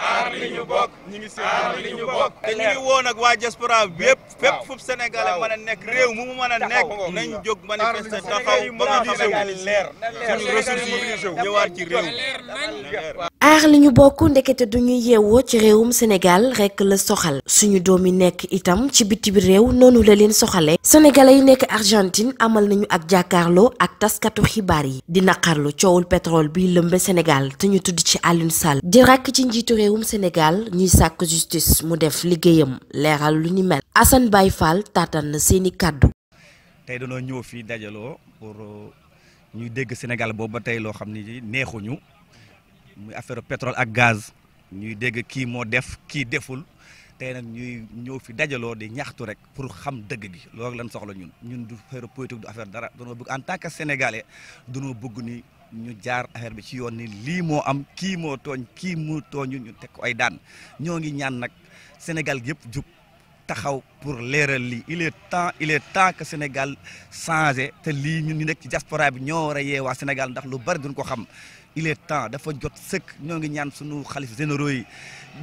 amiin aar li ñu bokk ñi ngi si aar li ñu bokk te ñu ci ñu bokk ndekete duñu yeewoo ci réewum Sénégal rekk la soxal suñu doom yi nekk itam ci biti bi réew noonu la leen soxale sénégalais yi nekk Argentine amal nañu ak jàkkaarloo ak taskatu xibaar yi di naqarlu coowul pétrole bi lëmbe Sénégal te ñu tudd ci Alioune Sall di rakk ci njiitu réewum Sénégal ñuy sàkk justice mu def liggéeyam leeral lu ni mel Assane Baye Fall tàttan na seeni kàddu tey danoo ñëw fii dajaloo pour euh, ñuy dégg Sénégal boobu ba tey loo xam ni neexuñu muy affaire pétrole ak gaz ñuy dégg kii moo def kii deful tey nag ñuy ñëw fi dajaloo di ñaxtu rek pour xam dëgg bi loolu lan soxla ñun ñun du affaire politique du affaire dara danoo bëgg en tant que sénégalais danoo bëgg ñu jaar affaire bi ci yoon ni lii moo am kii moo tooñ kii mu tooñu ñu teg ko ay daan ñoo ngi ñaan nag Sénégal yëpp jug taxaw pour leeral lii il est temps il est temps que Sénégal changé te lii ñun ñu nekk ci diaspora bi ñoo war a yeewaa Sénégal ndax lu bari duñ ko xam il est temps dafa jot sëkk ñoo ngi ñaan suñu xalif généraux yi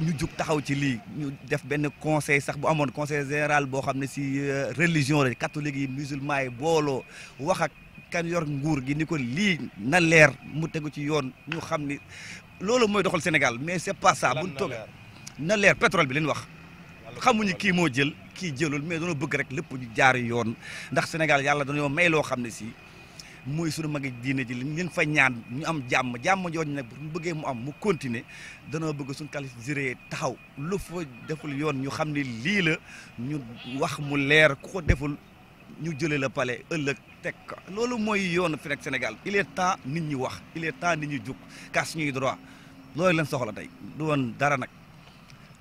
ñu jug taxaw ci lii ñu def benn conseil sax bu amoon conseil général boo xam ne si euh, religion la catholique yi musulman yi booloo wax ak kan yor nguur gi ni ko lii na leer mu tegu ci yoon ñu xam ni loolu mooy doxal Sénégal mais c'est pas ça buñ toogee na leer pétrole bi leen wax xamuñu kii moo jël kii jëlul mais dañoo bëgg rek lépp ñu jaar yoon ndax Sénégal yàlla dañoo may loo xam ne si mooy sunu magi diine ji ñu fa ñaan ñu am jàmm jàmm jooju nag bu bëggee mu am mu continuer danoo bëgg suñu xalif juré taxaw lu fa deful yoon ñu xam ne lii la ñu wax mu leer ku ko deful ñu jëlee la palais ëllëg teg ko loolu mooy yoonu fi Sénégal il est temps nit ñi wax il est temps nit ñi jug kas ñuy droit loolu lañ soxla tey du woon dara nag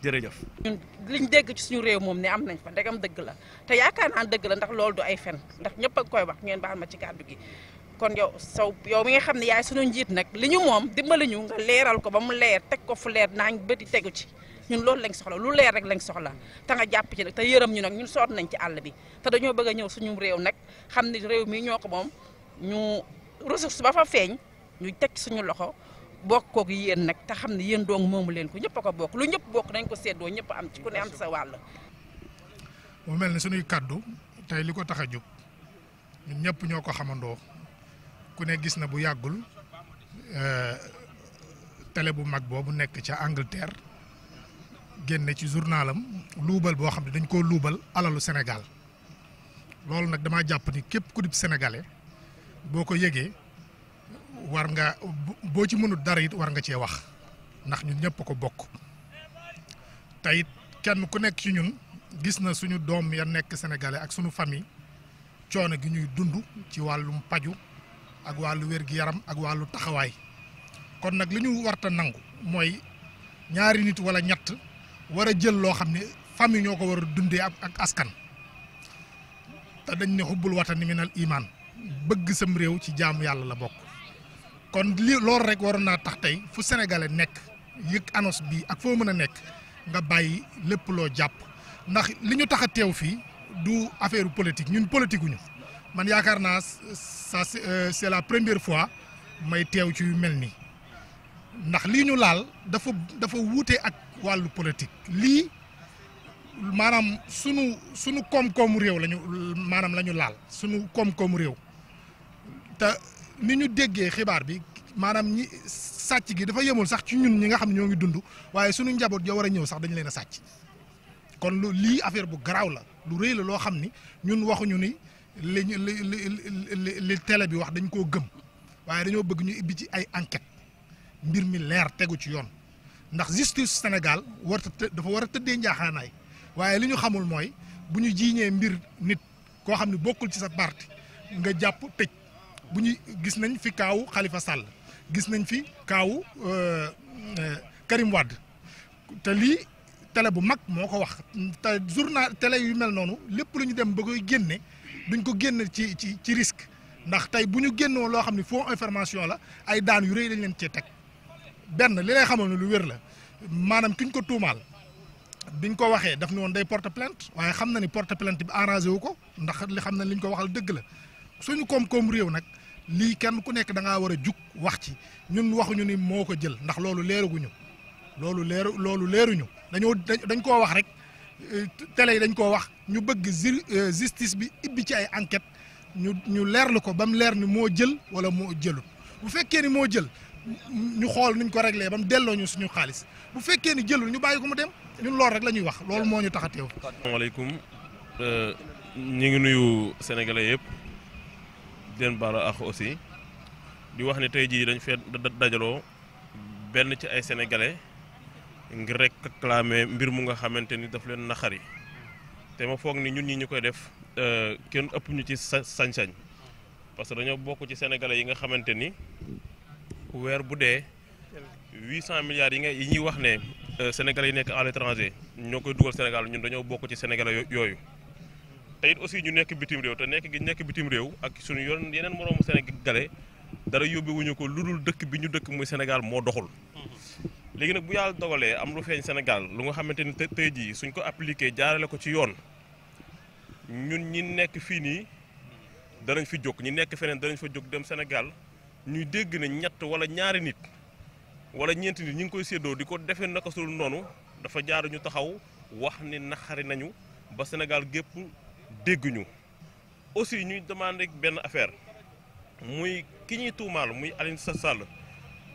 jërëjëf. ñun liñ dégg ci suñu réew moom ni am nañ fa ndegam dëgg la te yaakaar naa dëgg la ndax loolu du ay fen ndax ñëpp a koy wax ngeen baal na ci kàddu gi. kon yow sow yow mi nga xam ne yaay sunu njiit nag li ñu moom dimbali ñu nga leeral ko ba mu leer teg ko fu leer naañ yi tegu ci. ñun loolu lañ soxla lu leer rek lañ soxla te nga jàpp ci nag te yërëm ñu nag ñun soot nañ ci àll bi te dañoo bëgg a ñëw suñu réew nag xam ni réew mi ñoo ko moom ñu ressource ba fa feeñ ñu teg suñu loxo bokk koog yéen nag te xam ne yéen dong moomu leen ko ñëpp a ko bokk lu ñëpp bokk nañ ko seddoo ñëpp am ci ku ne sa wàll. mu mel ne suñuy kàddu tey li ko tax a jóg ñun ñoo ko xamandoo ku ne gis na bu yàggul euh, tele bu mag boobu nekk ca Angleterre. génne ci journalam luubal boo xam ne dañ koo luubal alalu senegal loolu nag damaa jàpp ni képp ku dib sénégalais boo ko yégee war nga boo ci mënut dara it war nga cee wax ndax ñu ñëpp ko bokk te kenn ku nekk ci ñun gis na suñu doom ya nekk sénégalais ak suñu famille coono gi ñuy dund ci wàllum paju ak wàllu wér-gi-yaram ak wàllu taxawaay kon nag li ñu warta nangu mooy ñaari nit wala ñett war a jël loo xam ne famille ñoo ko war a dundee ak askan te dañ ne xubbul watani minal iman bëgg sam réew ci jaamu yàlla la bokk kon li loolu rek waroon naa tax tey fu sénégalais nekk yëg annonce bi ak foo mën a nekk nga bàyyi lépp loo jàpp ndax li ñu tax a teew fii du affaire politique ñun politique ñu man yaakaar naa ça euh, c'est la première fois may teew ci yu mel nii ndax lii ñu laal dafa dafa wuute ak wàllu politique lii maanaam sunu sunu koom-koomu réew lañu maanaam lañu laal sunu koom-koomu réew te ni ñu déggee xibaar bi maanaam ñi sàcc gi dafa yemul sax ci ñun ñi nga xam ne ñoo ngi dund waaye sunu njaboot yoo war a ñëw sax dañ leen a sàcc kon lu lii affaire bu garaaw la lu rëy la loo xam ni ñun waxuñu ni li li li li télé bi wax dañ koo gëm waaye dañoo bëgg ñu ibbi ci ay enquête mbir mi leer tegu ci yoon. ndax justice Sénégal war dafa war a tëddee njaaxaanaay waaye li ñu xamul mooy bu ñu jiiñee mbir nit koo xam ne bokkul ci sa parti nga jàpp tëj bu ñu gis nañ fi kaawu xalifa Sall gis nañ fi kaawu euh, euh, Karim wàdd te lii tele bu mag moo ko wax te journal télé yu mel noonu lépp lu ñu dem ba koy génne duñ ko génne ci ci ci risque ndax tey bu ñu génnoo loo xam ne foo information la ay daan yu rëy lañ leen cee teg. benn li lay xamoon ne lu wér la maanaam ki ñu ko tuumaal biñ ko waxee daf ne day porte plainte waaye xam na ni porte plainte bi arrangé wu ko ndax li xam na li ñu ko waxal dëgg la suñu koom-koom réew nag lii kenn ku nekk da ngaa war a jug wax ci ñun waxuñu ni moo ko jël ndax loolu leeraguñu loolu leeru loolu leeruñu dañoo dañ koo wax rek euh, télé yi dañ koo wax ñu bëgg euh, justice bi ibbi ci ay enquête ñu ñu leer la ko ba mu leer ni moo jël wala moo jëlul bu fekkee ni moo jël ñu xool nuñ ko réglé ba mu delloo ñu suñu xaalis bu fekkee ni jëlul ñu bàyyi ko mu dem ñun lool rek la ñuy wax loolu moo ñu tax a teew. asalaamaaleykum euh, ñu ngi nuyu sénégalais yëpp di leen baalu ak aussi di wax ne tey jii dañ fee dajaloo benn ci ay sénégalais ngir rek clamé mbir mu nga xamante ni daf leen naxari te ma foog ni ñun ñi ñu koy def euh, kenn ëpp ñu ci sañ-sañ parce que bokk ci sénégalais yi nga xamante ni. weer bu dee huit cent milliards yi nga yi ñuy wax ne euh, sénégalais yi nekk à l'étranger ñoo koy dugal Sénégal ñun dañoo bokk ci sénégalais yooyu te aussi ñu nekk bitim réew te nekk gi nekk bitim réew ak suñu yoon yeneen moroomu sénégalais dara yóbbuwuñu ko lu dul dëkk bi ñu dëkk muy Sénégal moo doxul mm-hmm. léegi nag bu yàlla dogalee am lu feeñ Sénégal lu nga xamante ni tey jii suñ ko appliqué jaarale ko ci yoon ñun ñi nekk fii nii danañ fi jóg ñi nekk feneen danañ fa jóg dem Sénégal ñu dégg ne ñett wala ñaari nit wala ñeenti nit ñu ngi koy séddoo di ko defee naka sul noonu dafa jaaru ñu taxaw wax ni naxari nañu ba Sénégal gépp dégguñu aussi ñuy demandé benn affaire muy ki ñuy tuumaal muy sa Sall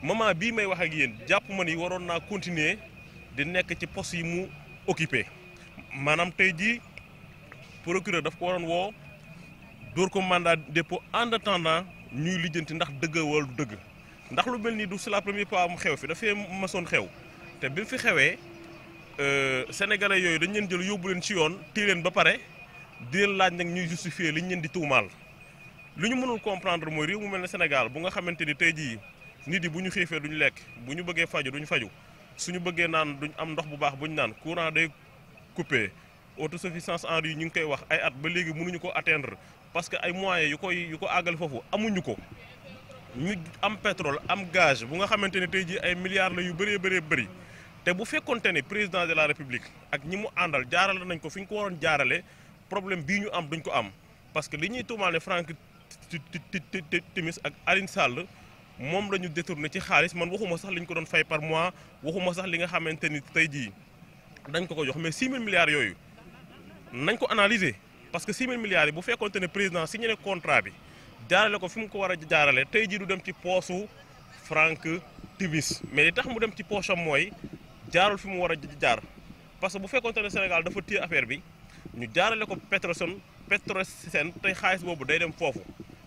moment bii may wax ak yéen jàpp ma ni waroon naa continuer di nekk ci post yi mu occupé maanaam tey jii procureur daf ko waroon woo dóor ko mandat dépôt en ñuy lijjanti ndax dëgg wala du dëgg ndax lu mel nii du si la premier fois mu xew fi dafay masoon xew te bi mu fi xewee euh, sénégalais yooyu dañ leen jël yóbbu leen ci yoon téye leen ba pare di leen laaj nag ñuy justifier ñu leen di tuumaal. li ñu mënul comprendre mooy réew mu mel ne Sénégal bu nga xamante ni tey jii nit yi bu ñu xiifee duñu lekk bu ñu bëggee faju duñu faju suñu bëggee naan duñ am ndox bu baax bu ñu naan courant day coupé autosuffisance en riz ñu ngi koy wax ay at ba léegi mënuñu ko atteindre parce que ay moyens yu koy yu ko àggal foofu amuñu ko ñu am pétrole am gaz bu nga xamante ne tey jii ay milliards la yu bëree bëree bëri te bu fekkonte ne président de la république ak ñi mu àndal jaarale nañ ko fi ñu ko waroon jaarale problème bii ñu am duñ ko am parce que li ñuy tuumaal ne Franck Timis ak Aline Sall moom la ñu détourné ci xaalis man waxuma sax li ñu ko doon fay par mois waxuma sax li nga xamante ni tey jii dañ ko ko jox mais 6 000 yooyu nañ ko analyser. parce que 6 000 milliards yi bu fekkoonte ne président signé na contrat bi jaarale ko fi mu ko war a jaarale tey jii du dem ci poosu frank Timis mais li tax mu dem ci am mooy jaarul fi mu war a jaar parce que bu fekkoonte ne Sénégal dafa téye affaire bi ñu jaarale ko Petrosen Petrosen tey xaalis boobu day dem foofu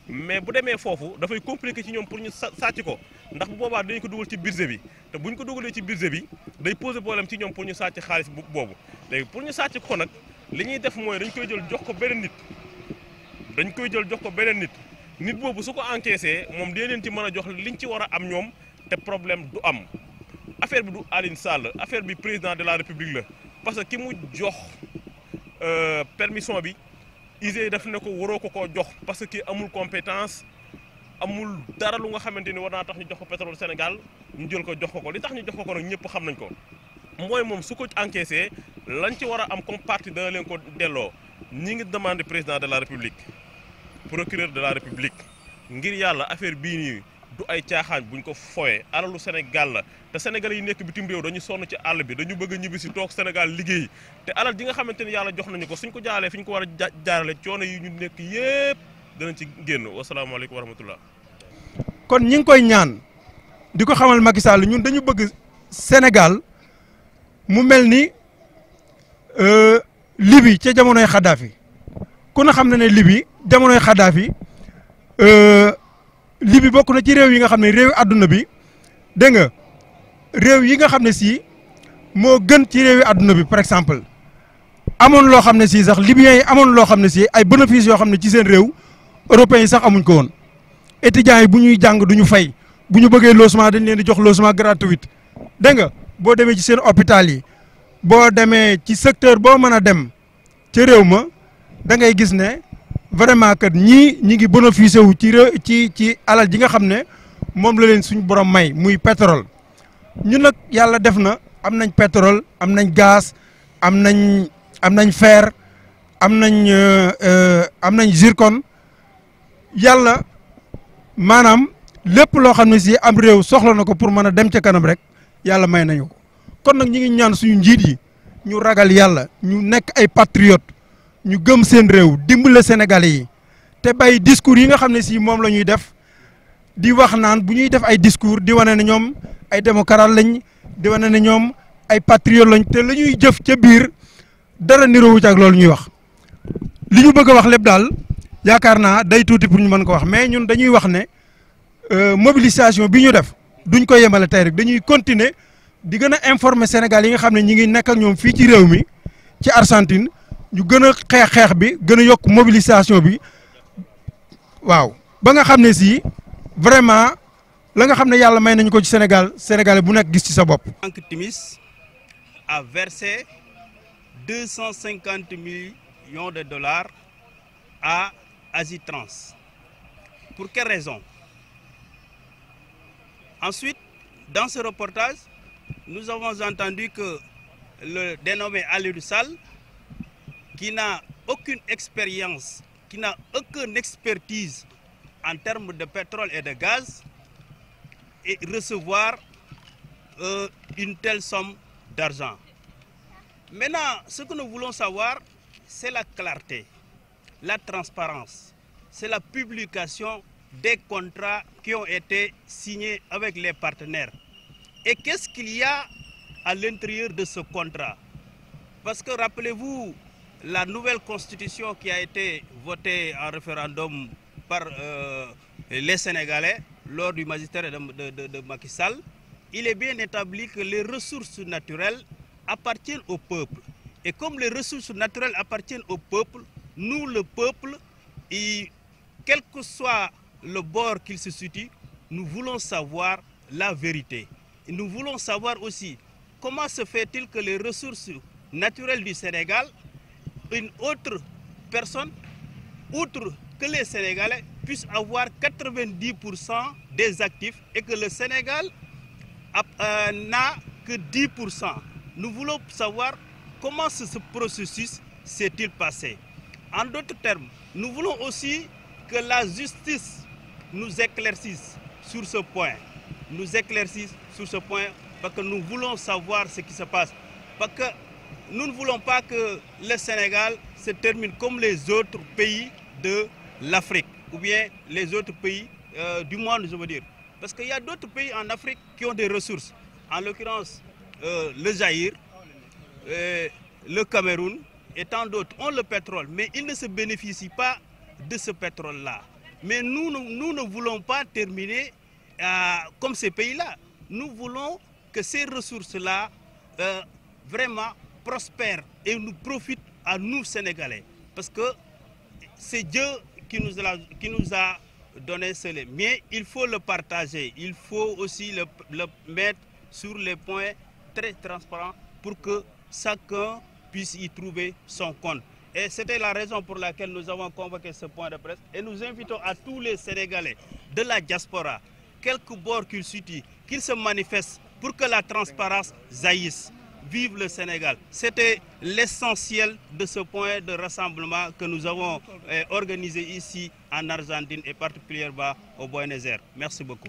mais bu demee foofu dafay compliqué ci ñoom pour ñu sàcc ko ndax bu boobaa dañu ko dugal ci budget bi te bu ñu ko dugalee ci budget bi day poser problème ci ñoom pour ñu sàcc xaalis boobu léegi pour ñu sàcc ko nag li ñuy def mooy dañ koy jël jox ko beneen nit dañ koy jël jox ko beneen nit nit boobu su ko encaissé moom dee leen ci mën a jox li ñu ci war a am ñoom te problème du am affaire bi du Aline Sall affaire bi président de la république la parce que ki mu jox euh, permission bi ISE daf ne ko waroo ko koo jox parce que amul compétence amul dara lu nga xamante ni war naa tax ñu jox ko pétrole Sénégal ñu jël ko jox ko ko li tax ñu jox ko ko nag ñëpp xam nañ ko mooy moom su ko encaissé lañ ci war a am comme parti dana leen ko delloo ñi ngi demandé président de la république procureur de la république ngir yàlla affaire bii nii du ay caaxaan buñ ko foyee alalu Sénégal la te sénégalais yi nekk bitim réew dañu sonn ci àll bi dañu bëgg ñibbisi toog Sénégal liggéey te alal ji nga xamante ni yàlla jox nañu ko suñ ko jaalee fi ñu ko war a jaarale coono yi ñu nekk yépp danañ ci génn wasalaamaaleykum wa rahmatullah kon ñi ngi koy ñaan di ko xamal Macky Sall ñun dañu bëgg Sénégal mu mel ni Libi ca jamonoy Xaddaafi ku ne xam na ne Libi jamonoy Xaddaafi euh, Libi bokk na ci réew yi nga xam ne réew àdduna bi dégg nga réew yi nga xam ne si moo gën ci réew yi àdduna bi par exemple amoon loo xam ne si sax libyens yi amoon loo xam ne si ay bénéfices yoo xam ne ci seen réew européens yi sax amuñ ko woon étudiants yi bu ñuy jàng duñu fay bu ñu bëggee logement dañ leen di jox logement gratuit dégg nga boo demee ci seen hôpital yi. boo demee ci secteur boo mën a dem ca réew ma da ngay gis ne vraiment kat ñii ñi ngi bénéficié wu ci ré ci ci alal ji nga xam ne moom la leen suñu borom may muy pétrole ñun nag yàlla def na am nañ pétrole am nañ gaz am nañ am nañ fer am nañ euh, euh, am nañ zircon yàlla maanaam lépp loo xam ne si am réew soxla na ko pour mën a dem ca kanam rek yàlla may nañu kon nag ñu ngi ñaan suñu njiit yi ñu ragal yàlla ñu nekk ay patriote ñu gëm seen réew dimbale Sénégalais yi te bàyyi discours yi nga xam ne si moom la ñuy def di wax naan bu ñuy def ay discours di wane ne ñoom ay démocrate lañ di wane ne ñoom ay patriote lañ te la ñuy jëf ca biir dara niroowu ci ak loolu ñuy wax. li ñu bëgg a wax lépp daal yaakaar naa day tuuti pour ñu mën ko wax mais ñun dañuy wax ne euh, mobilisation bi ñu def duñ ko yemale tey rek dañuy continuer. di gën a informer Sénégal yi nga xam ne ñi ngi nekk ak ñoom fii ci réew mi ci Argentine ñu gën a xeex xeex bi gën a yokk mobilisation bi waaw ba nga xam ne si vraiment la nga xam ne yàlla may nañu ko ci Sénégal Sénégalais bu nekk gis ci sa bopp. banque Timis a versé deux cent cinquante millions de dollars à Agitrans pour quelle raison ensuite dans ce reportage. nous avons entendu que le dénommé Aliou Sall, qui n'a aucune expérience, qui n'a aucune expertise en termes de pétrole et de gaz, et recevoir euh, une telle somme d'argent. Maintenant, ce que nous voulons savoir, c'est la clarté, la transparence, c'est la publication des contrats qui ont été signés avec les partenaires. Et qu'est-ce qu'il y a à l'intérieur de ce contrat Parce que rappelez-vous, la nouvelle constitution qui a été votée en référendum par euh, les Sénégalais lors du magistère de, de, de, de Macky Sall, il est bien établi que les ressources naturelles appartiennent au peuple. comme les ressources naturelles appartiennent au peuple, nous, le peuple, et quel que soit le bord qu'il se situe, nous voulons savoir la vérité. nous voulons savoir aussi comment se fait-il que les ressources naturelles du Sénégal, une autre personne, outre que les Sénégalais, puissent avoir 90% des actifs et que le Sénégal euh, n'a que 10%. Nous voulons savoir comment ce, ce processus s'est-il passé. En d'autres termes, nous voulons aussi que la justice nous éclaircisse sur ce point. nous éclaircissent sur ce point parce que nous voulons savoir ce qui se passe. Parce que nous ne voulons pas que le Sénégal se termine comme les autres pays de l'Afrique ou bien les autres pays euh, du monde, je veux dire. Parce que y a d'autres pays en Afrique qui ont des ressources. En l'occurrence, euh, le Zaïre, euh, le Cameroun et tant d'autres ont le pétrole, mais ils ne se bénéficient pas de ce pétrole-là. Mais nous, nous, nous ne voulons pas terminer euh, comme ces pays-là. Nous voulons que ces ressources-là euh, vraiment prospèrent et nous profitent à nous, Sénégalais. Parce que c'est Dieu qui nous a, qui nous a donné cela. Mais il faut le partager, il faut aussi le, le mettre sur les points très transparents pour que chacun puisse y trouver son compte. Et c'était la raison pour laquelle nous avons convoqué ce point de presse et nous invitons à tous les Sénégalais de la diaspora quelque bor qu'il situe, qu'il se manifeste pour que la transparence jaillisse. Vive le Sénégal. C'était l'essentiel de ce point de rassemblement que nous avons eh, organisé ici en Argentine et particulièrement au Buenos Aires. Merci beaucoup.